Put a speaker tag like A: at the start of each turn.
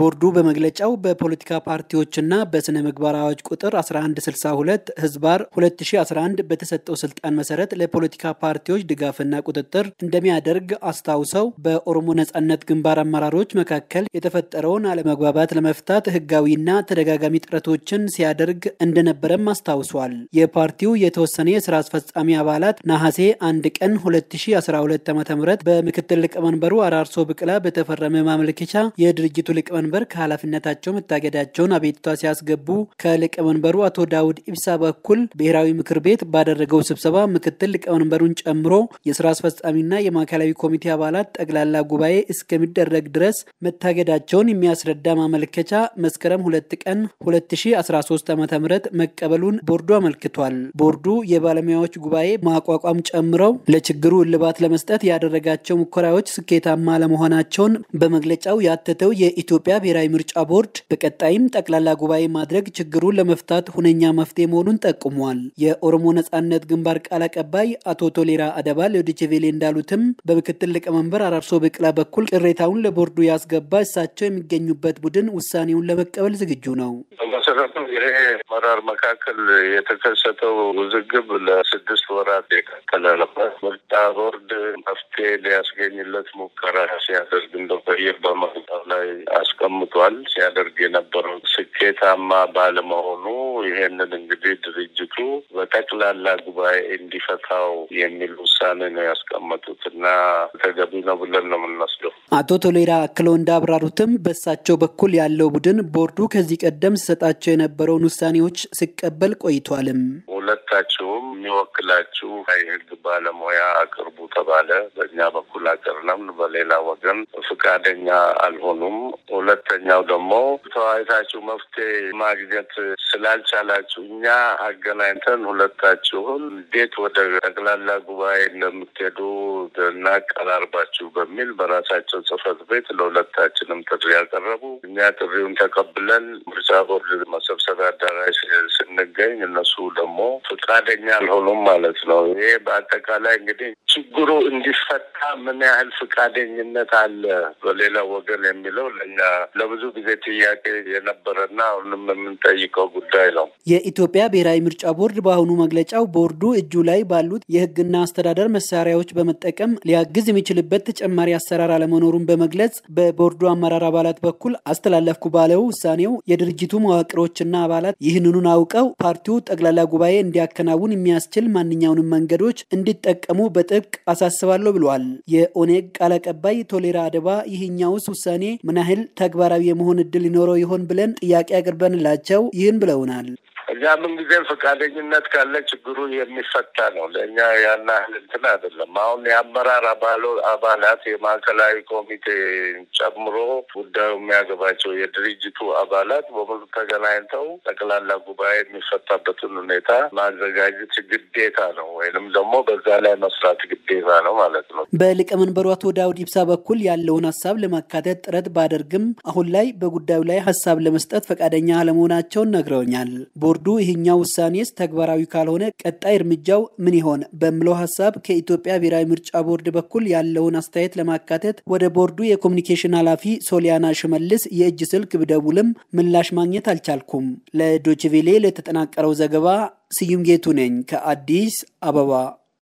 A: ቦርዱ በመግለጫው በፖለቲካ ፓርቲዎችና በስነ ምግባር አዋጅ ቁጥር 1162 ህዝባር 2011 በተሰጠው ስልጣን መሰረት ለፖለቲካ ፓርቲዎች ድጋፍና ቁጥጥር እንደሚያደርግ አስታውሰው በኦሮሞ ነጻነት ግንባር አመራሮች መካከል የተፈጠረውን አለመግባባት ለመፍታት ህጋዊና ተደጋጋሚ ጥረቶችን ሲያደርግ እንደነበረም አስታውሷል። የፓርቲው የተወሰነ የስራ አስፈጻሚ አባላት ነሐሴ 1 ቀን 2012 ዓ ም በምክትል ሊቀመንበሩ አራርሶ ብቅላ በተፈረመ ማመልከቻ የድርጅቱ ሊቀመንበ መንበር ከኃላፊነታቸው መታገዳቸውን አቤቱታ ሲያስገቡ ከሊቀመንበሩ አቶ ዳውድ ኢብሳ በኩል ብሔራዊ ምክር ቤት ባደረገው ስብሰባ ምክትል ሊቀመንበሩን ጨምሮ የስራ አስፈጻሚና የማዕከላዊ ኮሚቴ አባላት ጠቅላላ ጉባኤ እስከሚደረግ ድረስ መታገዳቸውን የሚያስረዳ ማመልከቻ መስከረም ሁለት ቀን 2013 ዓ ም መቀበሉን ቦርዱ አመልክቷል። ቦርዱ የባለሙያዎች ጉባኤ ማቋቋም ጨምረው ለችግሩ እልባት ለመስጠት ያደረጋቸው ሙከራዎች ስኬታማ ለመሆናቸውን በመግለጫው ያተተው የኢትዮጵያ ብሔራዊ ምርጫ ቦርድ በቀጣይም ጠቅላላ ጉባኤ ማድረግ ችግሩን ለመፍታት ሁነኛ መፍትሄ መሆኑን ጠቁሟል። የኦሮሞ ነጻነት ግንባር ቃል አቀባይ አቶ ቶሌራ አደባ ለዶችቬሌ እንዳሉትም በምክትል ሊቀመንበር አራርሶ ብቅላ በኩል ቅሬታውን ለቦርዱ ያስገባ እሳቸው የሚገኙበት ቡድን ውሳኔውን ለመቀበል ዝግጁ ነው።
B: ይሄ መራር መካከል የተከሰተው ውዝግብ ለስድስት ወራት የቀጠለ ነበር። ምርጫ ቦርድ መፍትሄ ሊያስገኝለት ሙከራ ሲያደርግ እንደ በብሔር በመቁጠር ላይ አስቀምጧል። ሲያደርግ የነበረው ስኬታማ ባለመሆኑ ይሄንን እንግዲህ ድርጅቱ በጠቅላላ ጉባኤ እንዲፈታው የሚል ውሳኔ ነው ያስቀመጡት እና ተገቢ ነው ብለን ነው የምንወስደው።
A: አቶ ቶሌራ አክለው እንዳብራሩትም በእሳቸው በኩል ያለው ቡድን ቦርዱ ከዚህ ቀደም ሲሰጣቸው የነበረውን ውሳኔዎች ሲቀበል ቆይቷልም።
B: ሁለታችሁም የሚወክላችሁ የህግ ባለሙያ አቅርቡ ተባለ። በእኛ በኩል አቅርነም፣ በሌላ ወገን ፈቃደኛ አልሆኑም። ሁለተኛው ደግሞ ተወያይታችሁ መፍትሄ ማግኘት ስላልቻላችሁ እኛ አገናኝተን ሁለታችሁን እንዴት ወደ ጠቅላላ ጉባኤ እንደምትሄዱ እናቀራርባችሁ በሚል በራሳቸው ጽህፈት ቤት ለሁለታችንም ጥሪ ያቀረቡ እኛ ጥሪውን ተቀብለን ምርጫ ቦርድ መሰብሰቢያ አዳራሽ ስንገኝ እነሱ ደግሞ ፍቃደኛ አልሆኑም ማለት ነው። ይሄ በአጠቃላይ እንግዲህ ችግሩ እንዲፈታ ምን ያህል ፍቃደኝነት አለ በሌላ ወገን የሚለው ለእኛ ለብዙ ጊዜ ጥያቄ የነበረና አሁንም የምንጠይቀው ጉዳይ ነው። የኢትዮጵያ ብሔራዊ ምርጫ
A: ቦርድ በአሁኑ መግለጫው ቦርዱ እጁ ላይ ባሉት የህግና አስተዳደር መሳሪያዎች በመጠቀም ሊያግዝ የሚችልበት ተጨማሪ አሰራር አለመኖሩን በመግለጽ በቦርዱ አመራር አባላት በኩል አስተላለፍኩ ባለው ውሳኔው የድርጅቱ መዋቅሮችና አባላት ይህንኑን አውቀው ፓርቲው ጠቅላላ ጉባኤ እንዲያከናውን የሚያስችል ማንኛውንም መንገዶች እንዲጠቀሙ በጥብቅ አሳስባለሁ ብለዋል። የኦኔግ ቃል አቀባይ ቶሌራ አደባ ይህኛውስ ውሳኔ ምን ያህል ተግባራዊ የመሆን እድል ሊኖረው ይሆን ብለን ጥያቄ አቅርበንላቸው ይህን ብለውናል።
B: እኛ ምንጊዜም ፈቃደኝነት ካለ ችግሩ የሚፈታ ነው። ለእኛ ያን ያህል እንትን አይደለም። አሁን የአመራር አባሎ አባላት የማዕከላዊ ኮሚቴ ጨምሮ ጉዳዩ የሚያገባቸው የድርጅቱ አባላት በሙሉ ተገናኝተው ጠቅላላ ጉባኤ የሚፈታበትን ሁኔታ ማዘጋጀት ግዴታ ነው፣ ወይንም ደግሞ በዛ ላይ መስራት ግዴታ ነው ማለት
A: ነው። በሊቀመንበሩ አቶ ዳውድ ኢብሳ በኩል ያለውን ሀሳብ ለማካተት ጥረት ባደርግም አሁን ላይ በጉዳዩ ላይ ሀሳብ ለመስጠት ፈቃደኛ አለመሆናቸውን ነግረውኛል ቦርዱ ይህኛው ውሳኔስ ተግባራዊ ካልሆነ ቀጣይ እርምጃው ምን ይሆን በሚለው ሀሳብ ከኢትዮጵያ ብሔራዊ ምርጫ ቦርድ በኩል ያለውን አስተያየት ለማካተት ወደ ቦርዱ የኮሚኒኬሽን ኃላፊ ሶሊያና ሽመልስ የእጅ ስልክ ብደውልም ምላሽ ማግኘት አልቻልኩም። ለዶችቬሌ ለተጠናቀረው ዘገባ ስዩም ጌቱ ነኝ ከአዲስ አበባ።